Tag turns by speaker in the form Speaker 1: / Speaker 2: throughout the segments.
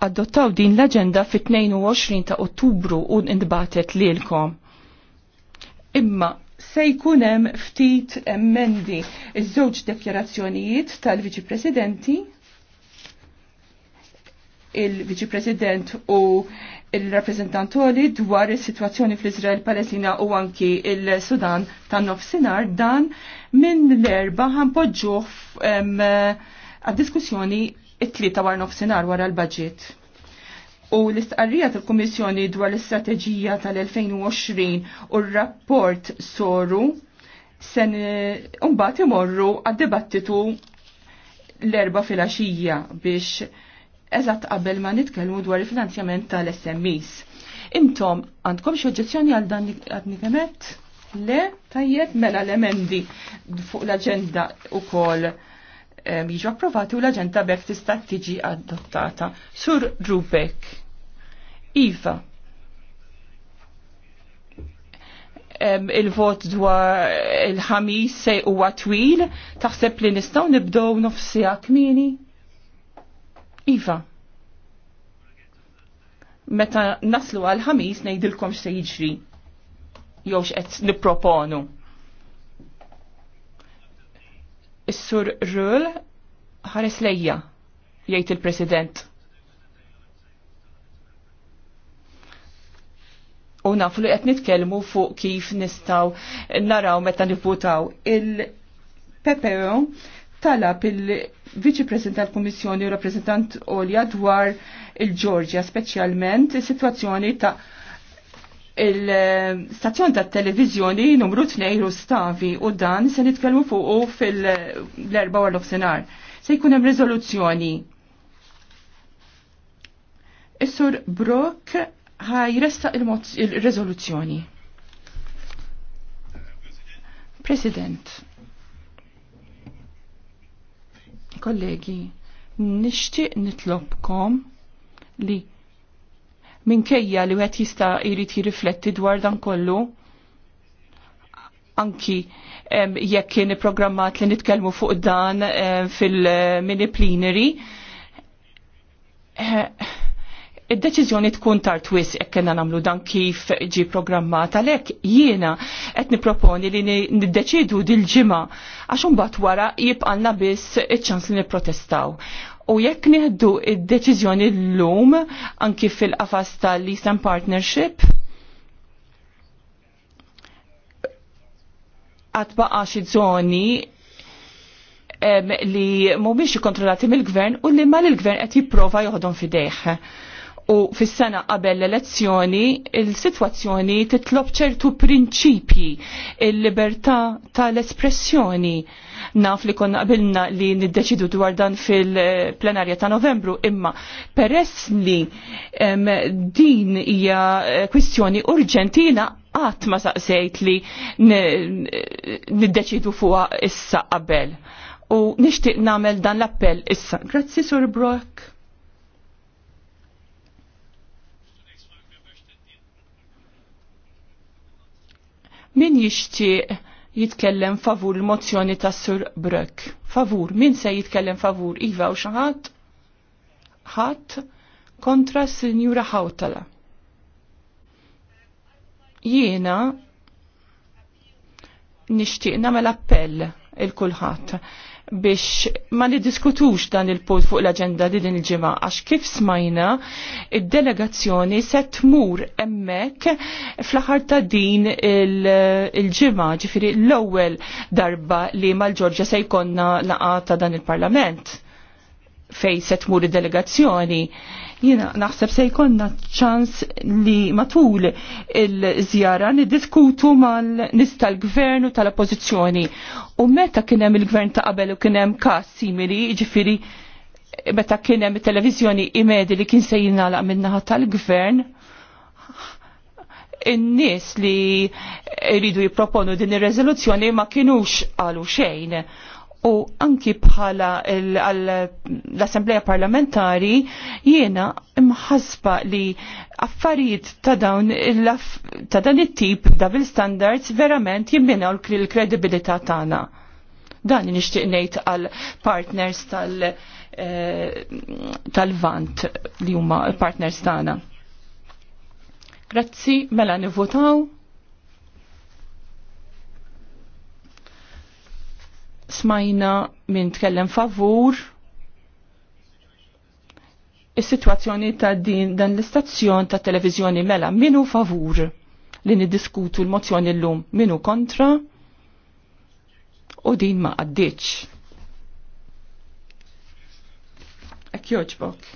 Speaker 1: adottaw din l-agenda fit-22 ta' Ottubru u ndbatet lilkom. Imma se jkun hemm ftit emmendi iż-żewġ dekjarazzjonijiet tal-Viċi Presidenti il-Viċi President u il-rappresentantoli dwar is-sitwazzjoni fl-Izrael, Palestina u anki il-Sudan tan-nofsinhar dan minn l-erba' ħanpoġġuh għad-diskussjoni it-tlieta war nofsinhar wara l-budget. U l-istqarrija tal-Kummissjoni dwar l-istrateġija tal-2020 u r-rapport soru sen umbat eh, imorru għad-dibattitu l-erba fil-axija biex eżatt qabel ma nitkellmu dwar il-finanzjament tal-SMEs. Intom, għandkom xi oġġezzjoni għal dan għadni Le, tajjeb mela l-emendi fuq l-agenda u kol Um, jiġu approvati u l-aġenda bekk tista' tiġi adottata. Sur Rubek. Iva. Um, il-vot dwar il-ħamis se huwa twil, taħseb li nistgħu nibdew nofsija kmini? Iva. Meta naslu għal-ħamis ngħidilkom x'se jiġri jew x'qed nipproponu. Is-sur Rul ħares lejja, jgħid il-President. U nafu li qed nitkellmu fuq kif nistgħu naraw meta nivvutaw. il pepeo talab il-Viċi President tal-Kummissjoni u rappreżentant Olja dwar il-Ġorġja speċjalment is-sitwazzjoni ta' il-stazzjon ta' televizjoni numru 2 Rustavi u dan se nitkellmu fuq fil-erba għal senar Se jkun hemm riżoluzzjoni. Is-sur Brock ħajresta il-riżoluzzjoni. President. Kollegi, nixtieq nitlobkom li minkejja li għet jista' jrid jirrifletti dwar dan kollu anki jekk kien programmat li nitkellmu fuq dan fil-mini plenary eh, id-deċiżjoni tkun tar wis jekk kena nagħmlu dan kif ġi programmata għalhekk jiena qed niproponi li niddeċidu dil-ġimgħa għax imbagħad wara jibqalna biss iċ-ċans li nipprotestaw. U jekk nieħdu id-deċiżjoni llum anki fil-qafas tal-Eastern Partnership, għat baqa xi żoni li mhumiex ikkontrollati mill-gvern u li mal-gvern qed jipprova joħodhom fidejh u fis-sena qabel l-elezzjoni il-sitwazzjoni titlob ċertu prinċipji il-libertà tal-espressjoni. Naf li konna qabilna li niddeċidu dwar dan fil-plenarja ta' Novembru imma peress li em, din hija eh, kwistjoni urġentina qatt ma saqsejt li niddeċidu fuqha issa qabel. U nixtieq nagħmel dan l-appell issa. Grazzi Sur Brock. Min jixtieq jitkellem favur l-mozzjoni ta' Sur Brek? Favur, min se jitkellem favur? Iva u xaħat? Ħadd kontra Sinjura Hawtala. Jiena nixtieq nagħmel appell il-kulħadd biex ma niddiskutux dan il-punt fuq l-agenda di din il-ġimgħa għax kif smajna id-delegazzjoni se tmur hemmhekk fl-aħħar ta' din il-ġimgħa ġifieri l-ewwel darba li mal-Ġorġja se jkollna laqa ta' dan il-Parlament fej se tmur id-delegazzjoni, jina naħseb se jkonna ċans li matul il-żjara niddiskutu mal nista tal-gvern u tal-oppozizjoni. U meta kienem il-gvern ta' qabel u kienem kas simili, ġifiri, meta kienem televizjoni imedi li kien se jinalaq minnaħat tal-gvern, in-nies li jridu jipproponu din ir-reżoluzzjoni ma kienux għalu xejn u anki bħala l-Assembleja Parlamentari jiena imħasba li affarijiet ta' dawn ta' dan it-tip double standards verament jimbinaw l-kredibilità tagħna. Dan nixtieq ngħid għal partners tal- eh, tal-vant li huma partners tagħna. Grazzi, mela nivvotaw. smajna minn tkellem favur is-sitwazzjoni ta' din dan l-istazzjon ta' televiżjoni mela minu favur li niddiskutu l-mozzjoni l-lum minu kontra u din ma għaddiċ. Ek joġbok.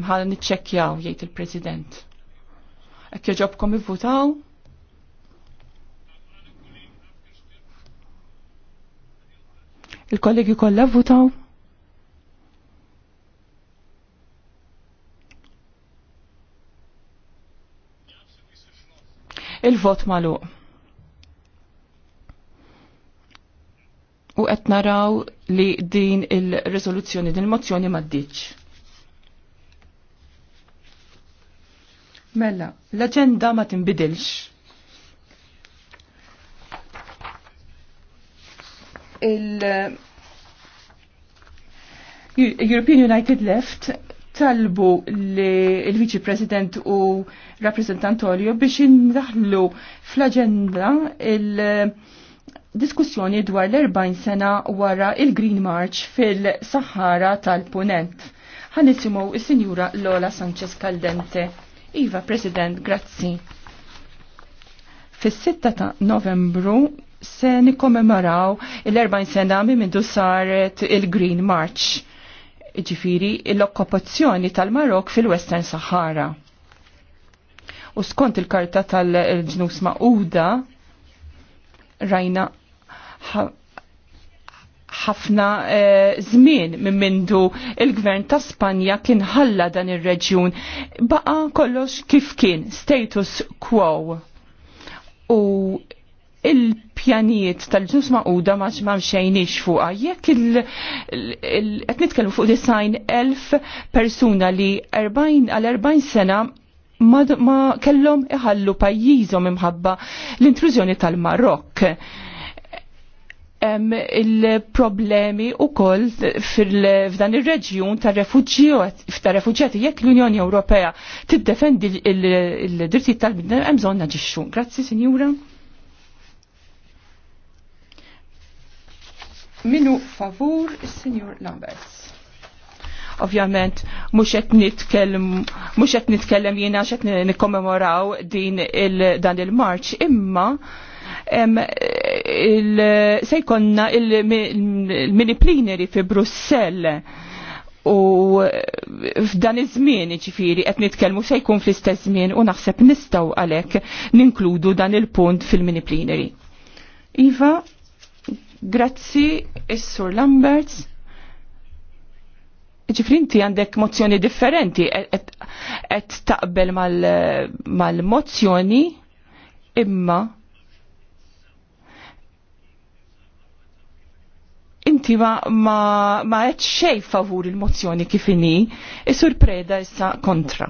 Speaker 1: Mħal nitċekjaw jgħid il-President. Ek joġobkom i votaw Il-kollegi kollha votaw? Il-vot magħluq. U qed naraw li din il-riżoluzzjoni din il-mozzjoni ma ddiċ. Mella, l-aġenda ma tinbidilx. il- European United Left talbu li il-Viċi President u rappresentantorju biex indaħlu fl-agenda il-diskussjoni dwar l-40 sena wara il-Green March fil-Sahara tal-Punent. Għanissimu il-Sinjura Lola Sanchez Caldente. Iva, President, grazzi. Fis-6 ta' Novembru se nikkommemoraw l-40 sena minn saret il-Green March, ġifiri l-okkupazzjoni tal-Marok fil-Western Sahara. U skont il-karta tal-ġnus ma'uda, rajna ħafna eh, żmien minn mindu il-gvern ta' Spanja kien ħalla dan ir-reġjun. Baqa kollox kif kien, status quo. U il pjanijiet tal-ġus maquda ma xejnix fuqa. Jekk qed nitkellmu fuq design elf persuna li 40 għal 40 sena ma, ma kellhom iħallu pajjiżhom imħabba l-intrużjoni tal-Marokk il-problemi u koll f'dan il-reġjun ta' refuġjati jekk l-Unjoni Ewropea tiddefendi il-drittijiet tal-bidna hemm bżonn naġixxu. Grazzi, Sinjura. Minu favur il-Sinjur Lamberts. Ovvjament, mux qed nitkellem mux qed nitkellem nikkommemoraw din il dan il-Marċ, imma sejkonna se jkollna il-mini plenary fi Brussell u f'dan iż-żmien ġifieri qed nitkellmu se jkun fl-istess żmien u naħseb nistgħu għalhekk ninkludu dan il-punt fil-mini plenary. Iva, Grazzi, Is-Sur Lamberts. Ġifrinti għandek mozzjoni differenti, qed taqbel mal-mozzjoni imma inti ma ma, ma qed xejn favur il-mozzjoni kif inhi, is-sur Preda issa kontra.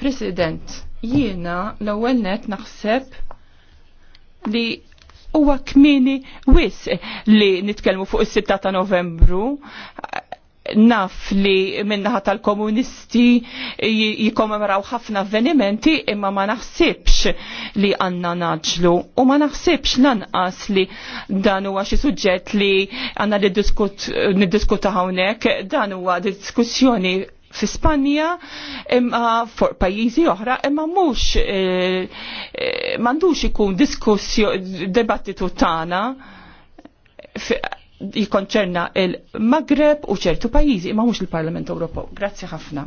Speaker 1: President, jiena l-ewwel net naħseb li huwa kmini wis li nitkellmu fuq is-6 ta' Novembru naf li minnaħa tal-komunisti jikomemoraw ħafna avvenimenti imma ma naħsibx li għanna naġlu u ma naħsibx lanqas li dan huwa xi suġġett li għanna niddiskuta hawnhekk dan huwa diskussjoni fi Spanja imma for pajjiżi oħra imma mhux eh, eh, m'għandux ikun diskussju debattitu tagħna jikonċerna il-Magreb u ċertu pajjiżi imma mhux il-Parlament Ewropew. Grazzi ħafna.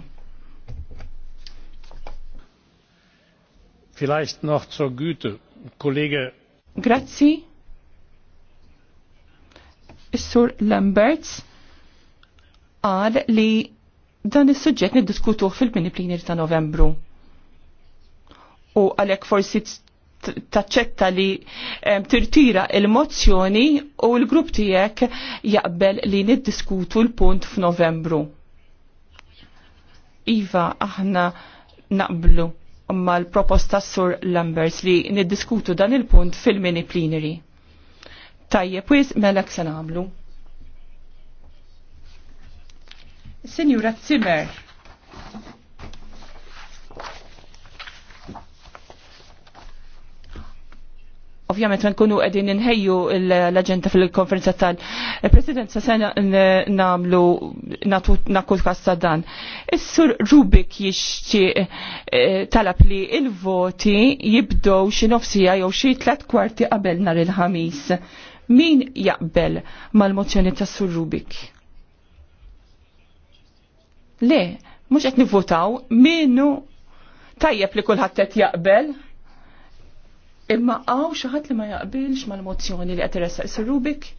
Speaker 2: Vielleicht noch zur Güte, Kollege.
Speaker 1: Grazzi. sur Lamberts għal li dan is-suġġett niddiskutuh fil-mini plinir ta' Novembru. U għalhekk forsi taċċetta li tirtira il-mozzjoni u l-grupp tiegħek jaqbel li niddiskutu l-punt f'Novembru. Iva, aħna naqblu ma l-proposta sur Lambers li niddiskutu dan il-punt fil-mini plenary. Tajjeb, wis melek se nagħmlu. Signora Zimmer. Ovvjament ma nkunu qegħdin inħejju l-aġenda fil-konferenza tal-President sa sena nagħmlu nakul każ ta' dan. Is-sur Rubik jixtieq eh, talab li il-voti jibdew xi nofsija jew xi tlet kwarti qabel nhar il-ħamis. Min jaqbel mal-mozzjoni tas-sur Rubik? Le, mhux qed nivvotaw minnu tajjeb li kulħadd qed jaqbel. Imma għaw xaħat li ma jaqbilx mal-mozzjoni li għateressa Sir Rubik?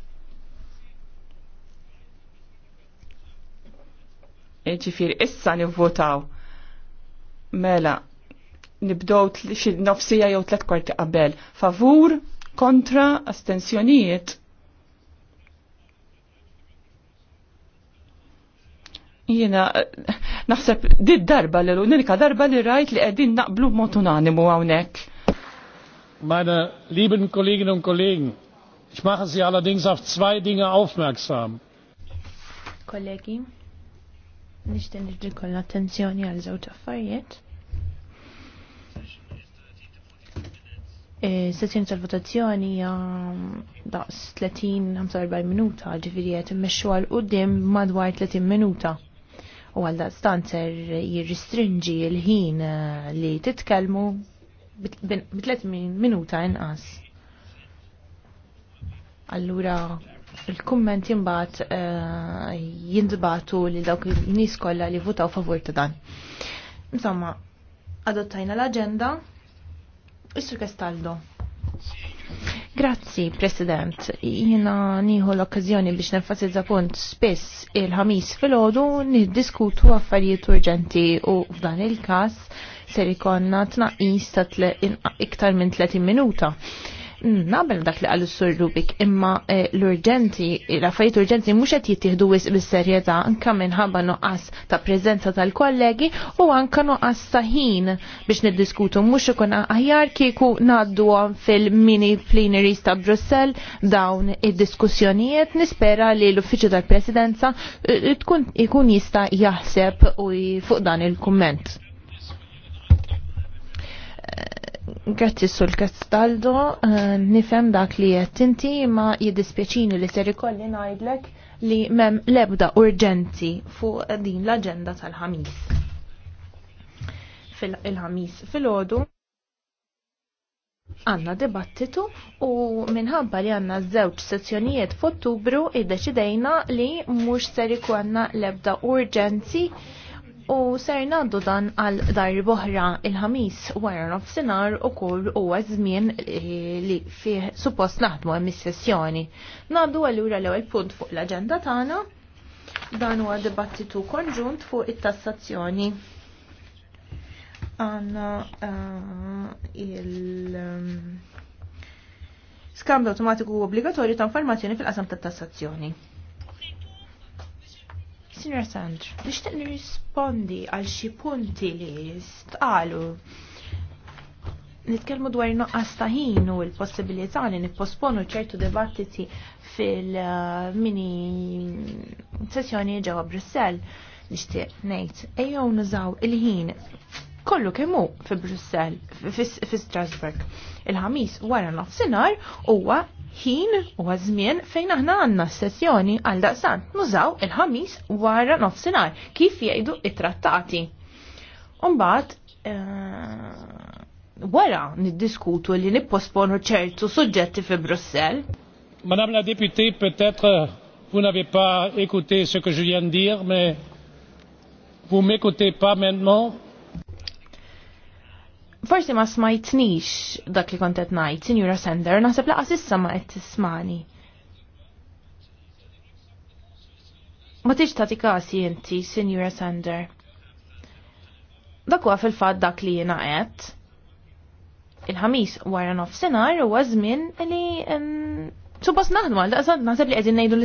Speaker 1: Ġifir, issa nivvotaw. Mela, nibdow xi nofsija jew let kwarti qabel. Favur, kontra, astensjonijiet. Jiena naħseb did darba l unika darba li rajt li qegħdin naqblu b'mod unanimu hawnhekk.
Speaker 2: Meine lieben Kolleginnen und Kollegen, ich mache Sie allerdings auf zwei Dinge aufmerksam. Kollegi, nixten nirrikol attenzjoni għal żewġ affarijiet. Eh, Sessjoni tal-votazzjoni hija daqs 30-45 minuta, ġifieri qed immexxu għal quddiem madwar 30 minuta u għal stanzer jirristringi l-ħin eh, li titkelmu bitlet minuta inqas. Allura, il komment jimbat eh, jindbatu li dawk il-nis kolla li votaw favur ta' dan. Insomma, adottajna l-agenda, Issu Kestaldo. Grazzi, President. Jina nieħu l-okkazjoni biex nenfasizza punt spiss il-ħamis fil-ħodu niddiskutu affarijiet urġenti u f'dan il-kas ser ikonna tnaqis ta' iktar minn 30 minuta nabel dak li għal sur Rubik imma eh, l-urġenti, l affajt urġenti mhux qed jittieħdu wis bis-serjetà anka minħabba nuqqas ta' prezenza tal-kollegi u anke nuqqas ta' ħin biex niddiskutu mhux ikun aħjar kieku ngħadduhom fil-mini plenaries ta' Brussell dawn id-diskussjonijiet nispera li l-uffiċċju tal-Presidenza eh, tkun ikun jista' jaħseb u fuq dan il-kumment. Grazzi sul Castaldo, eh, nifem dak li qed inti ma jiddispjaċini li ser ikolli ngħidlek li mem lebda urġenti fuq din l-aġenda tal-ħamis. Fil-ħamis fil-ħodu għanna dibattitu u minħabba li għanna żewġ sezzjonijiet f'Ottubru id-deċidejna li mhux ser ikolna lebda urġenti u ser naddu dan għal dar boħra il-ħamis wara nofsinhar ukoll huwa żmien eh, li fih suppost naħdmu hemm is-sessjoni. Naddu allura l-ewwel punt fuq l-aġenda tagħna dan huwa dibattitu konġunt fuq it-tassazzjoni għanna uh, il eh, skambju automatiku obbligatorju ta' informazzjoni fil-qasam tat-tassazzjoni. Signor Sandr, nixtieq nirrispondi għal xi punti li stqalu nitkellmu dwar noqqas ta' ħin u l-possibilità li nipposponu ċertu dibattiti fil-mini sessjoni ġewwa Brussell nixtieq ngħid ejjew nużaw il-ħin kollu kemmu fi Brussell fi Strasburg. Il-ħamis wara nofsinhar huwa ħin u għazmien fejn aħna għanna sessjoni għal daqsan nużaw il-ħamis wara nofsinar kif jgħidu it-trattati. Umbat, eh, wara niddiskutu li nipposponu ċertu suġġetti fi Brussel. Madame la députée, peut-être vous n'avez pas écouté ce que je viens de dire, mais vous m'écoutez pas maintenant. Forsi ma smajtnix dak li kontet najt, Sinjura Sender, naħseb laqas issa ma qed tismani. Ma tiġ tagħti kasi inti, Sinjura Sender. Dak huwa fil-fatt dak li jiena qed. Il-ħamis wara nofsinhar huwa żmien li suppost naħdmu għal daqsad naħseb li qegħdin ngħidu